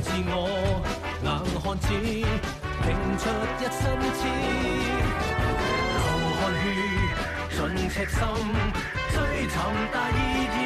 自我硬漢子，拼出一身痴，流汗血，盡赤心，追尋大義。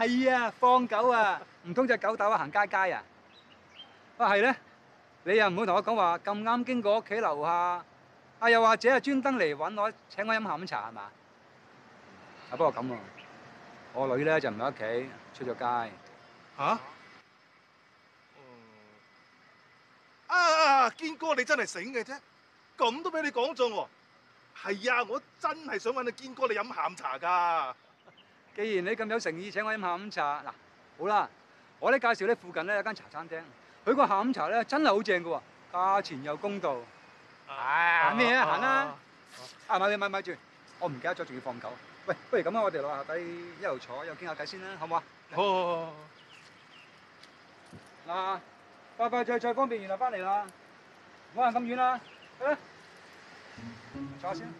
係啊，放狗啊，唔通隻狗豆啊行街街啊？喂，係咧，你又唔好同我講話咁啱經過屋企樓下，啊又或者係專登嚟搵我，請我飲下午茶係嘛？啊不過咁啊，我女咧就唔喺屋企，出咗街。吓？哦，啊堅哥你真係醒嘅啫，咁都俾你講咗喎。係啊，我真係想搵你堅哥你飲下午茶噶。既然你咁有誠意請我飲下午茶，嗱好啦，我咧介紹咧附近咧有間茶餐廳，佢個下午茶咧真係好正㗎喎，價錢又公道。係咩？行啦，啊，咪咪咪住，我唔記得咗仲要放狗。喂，不如咁啊，我哋落下底一路坐，又傾下偈先啦，好唔好啊？好好好，嗱，快快，再再方便，原來翻嚟啦，唔好行咁遠啦，去啦，坐下先。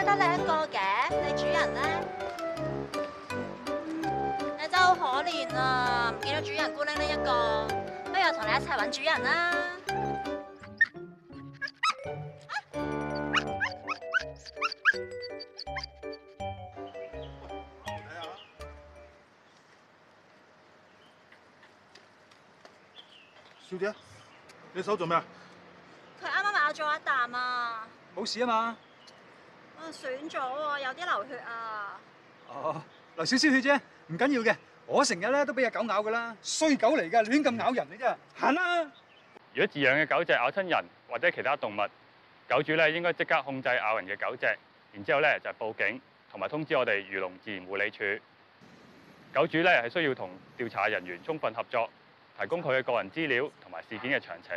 咪得你一個嘅，你主人呢？你真好可憐啊！唔見到主人孤零零一個，不如我同你一齊搵主人啦。小姐，你手做咩啊？佢啱啱咬咗一啖啊！冇事啊嘛。損咗喎，有啲流血啊！哦，流少少血啫，唔緊要嘅。我成日咧都俾隻狗咬噶啦，衰狗嚟噶，亂咁咬人嘅啫，行啦！如果自養嘅狗隻咬親人或者其他動物，狗主咧應該即刻控制咬人嘅狗隻，然之後咧就報警，同埋通知我哋漁農自然護理署。狗主咧係需要同調查人員充分合作，提供佢嘅個人資料同埋事件嘅詳情。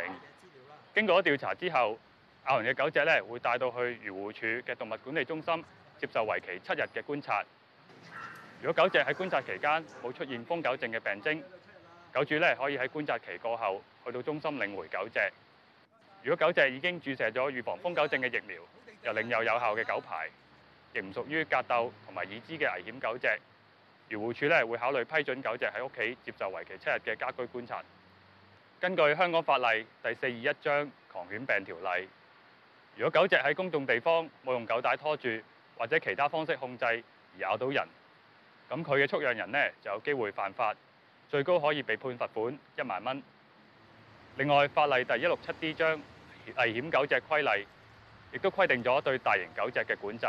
經過咗調查之後。咬人嘅狗隻咧，會帶到去漁護署嘅動物管理中心接受為期七日嘅觀察。如果狗隻喺觀察期間冇出現瘋狗症嘅病徵，狗主咧可以喺觀察期過後去到中心領回狗隻。如果狗隻已經注射咗預防瘋狗症嘅疫苗，又領有有效嘅狗牌，亦唔屬於格鬥同埋已知嘅危險狗隻，漁護署咧會考慮批准狗隻喺屋企接受為期七日嘅家居觀察。根據香港法例第四二一章《狂犬病條例》。如果狗隻喺公眾地方冇用狗帶拖住或者其他方式控制而咬到人，咁佢嘅畜養人呢就有機會犯法，最高可以被判罰款一萬蚊。另外，法例第一六七 D 章危險狗隻規例亦都規定咗對大型狗隻嘅管制，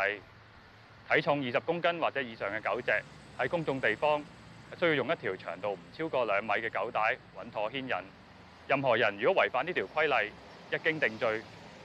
體重二十公斤或者以上嘅狗隻喺公眾地方需要用一條長度唔超過兩米嘅狗帶穩妥牽引。任何人如果違反呢條規例，一經定罪。